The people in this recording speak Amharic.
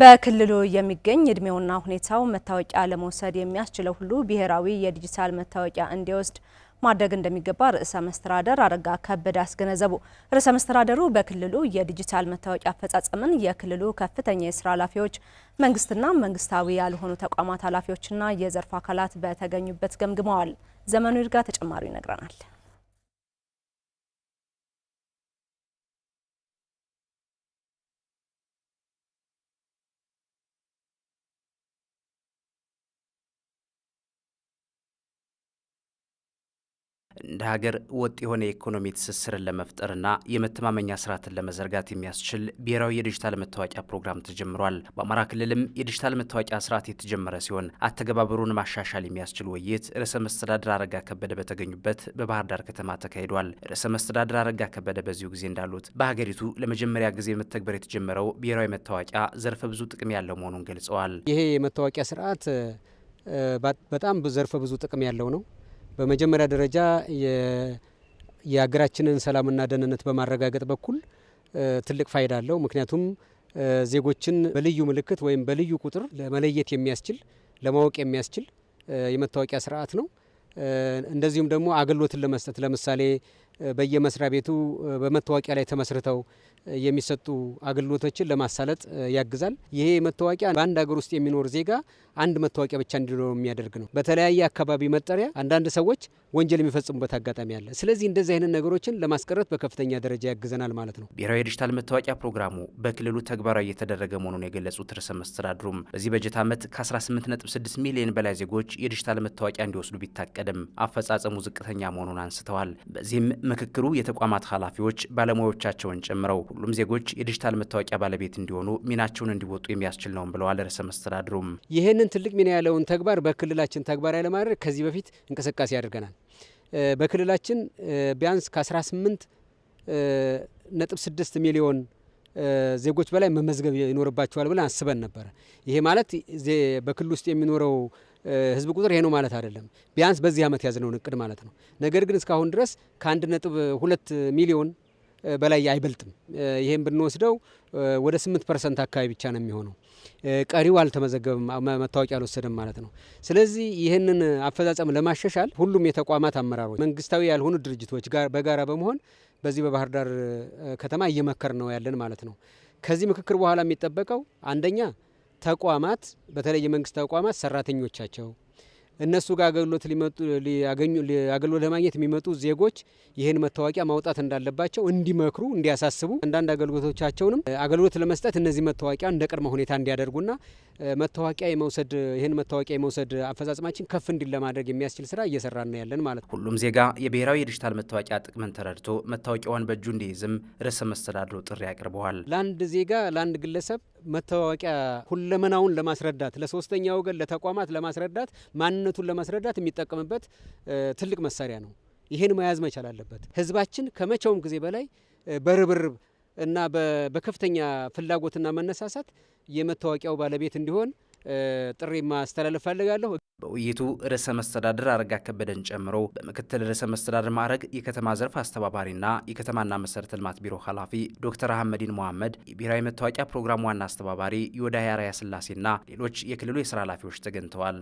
በክልሉ የሚገኝ እድሜውና ሁኔታው መታወቂያ ለመውሰድ የሚያስችለው ሁሉ ብሔራዊ የዲጂታል መታወቂያ እንዲወስድ ማድረግ እንደሚገባ ርዕሰ መስተዳደር አረጋ ከበደ አስገነዘቡ። ርዕሰ መስተዳደሩ በክልሉ የዲጂታል መታወቂያ አፈጻጸምን የክልሉ ከፍተኛ የስራ ኃላፊዎች፣ መንግስትና መንግስታዊ ያልሆኑ ተቋማት ኃላፊዎችና የዘርፉ አካላት በተገኙበት ገምግመዋል። ዘመኑ ይርጋ ተጨማሪ ይነግረናል። እንደ ሀገር ወጥ የሆነ የኢኮኖሚ ትስስርን ለመፍጠርና የመተማመኛ ስርዓትን ለመዘርጋት የሚያስችል ብሔራዊ የዲጂታል መታወቂያ ፕሮግራም ተጀምሯል። በአማራ ክልልም የዲጂታል መታወቂያ ስርዓት የተጀመረ ሲሆን አተገባበሩን ማሻሻል የሚያስችል ውይይት ርዕሰ መስተዳድር አረጋ ከበደ በተገኙበት በባህር ዳር ከተማ ተካሂዷል። ርዕሰ መስተዳድር አረጋ ከበደ በዚሁ ጊዜ እንዳሉት በሀገሪቱ ለመጀመሪያ ጊዜ መተግበር የተጀመረው ብሔራዊ መታወቂያ ዘርፈ ብዙ ጥቅም ያለው መሆኑን ገልጸዋል። ይሄ የመታወቂያ ስርዓት በጣም ዘርፈ ብዙ ጥቅም ያለው ነው በመጀመሪያ ደረጃ የሀገራችንን ሰላምና ደህንነት በማረጋገጥ በኩል ትልቅ ፋይዳ አለው። ምክንያቱም ዜጎችን በልዩ ምልክት ወይም በልዩ ቁጥር ለመለየት የሚያስችል ለማወቅ የሚያስችል የመታወቂያ ስርዓት ነው። እንደዚሁም ደግሞ አገልግሎትን ለመስጠት ለምሳሌ በየመስሪያ ቤቱ በመታወቂያ ላይ ተመስርተው የሚሰጡ አገልግሎቶችን ለማሳለጥ ያግዛል። ይሄ መታወቂያ በአንድ ሀገር ውስጥ የሚኖር ዜጋ አንድ መታወቂያ ብቻ እንዲኖረው የሚያደርግ ነው። በተለያየ አካባቢ መጠሪያ አንዳንድ ሰዎች ወንጀል የሚፈጽሙበት አጋጣሚ አለ። ስለዚህ እንደዚህ አይነት ነገሮችን ለማስቀረት በከፍተኛ ደረጃ ያግዘናል ማለት ነው። ብሔራዊ የዲጂታል መታወቂያ ፕሮግራሙ በክልሉ ተግባራዊ እየተደረገ መሆኑን የገለጹት ርዕሰ መስተዳድሩም በዚህ በጀት ዓመት ከ18.6 ሚሊዮን በላይ ዜጎች የዲጂታል መታወቂያ እንዲወስዱ ቢታቀድም አፈጻጸሙ ዝቅተኛ መሆኑን አንስተዋል። በዚህም ምክክሩ የተቋማት ኃላፊዎች ባለሙያዎቻቸውን ጨምረው ሁሉም ዜጎች የዲጂታል መታወቂያ ባለቤት እንዲሆኑ ሚናቸውን እንዲወጡ የሚያስችል ነውም ብለዋል ርዕሰ መስተዳድሩም። ይህንን ትልቅ ሚና ያለውን ተግባር በክልላችን ተግባራዊ ለማድረግ ከዚህ በፊት እንቅስቃሴ አድርገናል። በክልላችን ቢያንስ ከ18 ነጥብ 6 ሚሊዮን ዜጎች በላይ መመዝገብ ይኖርባቸዋል ብለን አስበን ነበረ። ይሄ ማለት በክልል ውስጥ የሚኖረው ህዝብ ቁጥር ይሄ ነው ማለት አይደለም። ቢያንስ በዚህ ዓመት ያዝነውን እቅድ ማለት ነው። ነገር ግን እስካሁን ድረስ ከአንድ ነጥብ ሁለት ሚሊዮን በላይ አይበልጥም። ይሄን ብንወስደው ወደ 8 ፐርሰንት አካባቢ ብቻ ነው የሚሆነው። ቀሪው አልተመዘገበም፣ መታወቂያ አልወሰደም ማለት ነው። ስለዚህ ይህንን አፈጻጸም ለማሻሻል ሁሉም የተቋማት አመራሮች፣ መንግስታዊ ያልሆኑ ድርጅቶች ጋር በጋራ በመሆን በዚህ በባህር ዳር ከተማ እየመከር ነው ያለን ማለት ነው። ከዚህ ምክክር በኋላ የሚጠበቀው አንደኛ ተቋማት በተለይ የመንግስት ተቋማት ሰራተኞቻቸው እነሱ ጋር አገልግሎት ሊመጡ ሊያገኙ አገልግሎት ለማግኘት የሚመጡ ዜጎች ይህን መታወቂያ ማውጣት እንዳለባቸው እንዲመክሩ፣ እንዲያሳስቡ አንዳንድ አገልግሎቶቻቸውንም አገልግሎት ለመስጠት እነዚህ መታወቂያ እንደ ቅድመ ሁኔታ እንዲያደርጉና መታወቂያ የመውሰድ ይህን መታወቂያ የመውሰድ አፈጻጽማችን ከፍ እንዲል ለማድረግ የሚያስችል ስራ እየሰራ ያለን ማለት ነው። ሁሉም ዜጋ የብሔራዊ የዲጂታል መታወቂያ ጥቅምን ተረድቶ መታወቂያውን በእጁ እንዲይዝም ርዕሰ መስተዳድሩ ጥሪ አቅርበዋል። ለአንድ ዜጋ ለአንድ ግለሰብ መታወቂያ ሁለመናውን ለማስረዳት ለሶስተኛ ወገን ለተቋማት ለማስረዳት ማንነቱን ለማስረዳት የሚጠቀምበት ትልቅ መሳሪያ ነው። ይህን መያዝ መቻል አለበት። ህዝባችን ከመቼውም ጊዜ በላይ በርብርብ እና በከፍተኛ ፍላጎትና መነሳሳት የመታወቂያው ባለቤት እንዲሆን ጥሪ ማስተላለፍ ፈልጋለሁ። በውይይቱ ርዕሰ መስተዳድር አረጋ ከበደን ጨምሮ በምክትል ርዕሰ መስተዳድር ማዕረግ የከተማ ዘርፍ አስተባባሪና የከተማና መሰረተ ልማት ቢሮ ኃላፊ ዶክተር አህመዲን መሐመድ፣ የብሔራዊ መታወቂያ ፕሮግራም ዋና አስተባባሪ ዮዳሄ አርአያ ስላሴና ሌሎች የክልሉ የስራ ኃላፊዎች ተገኝተዋል።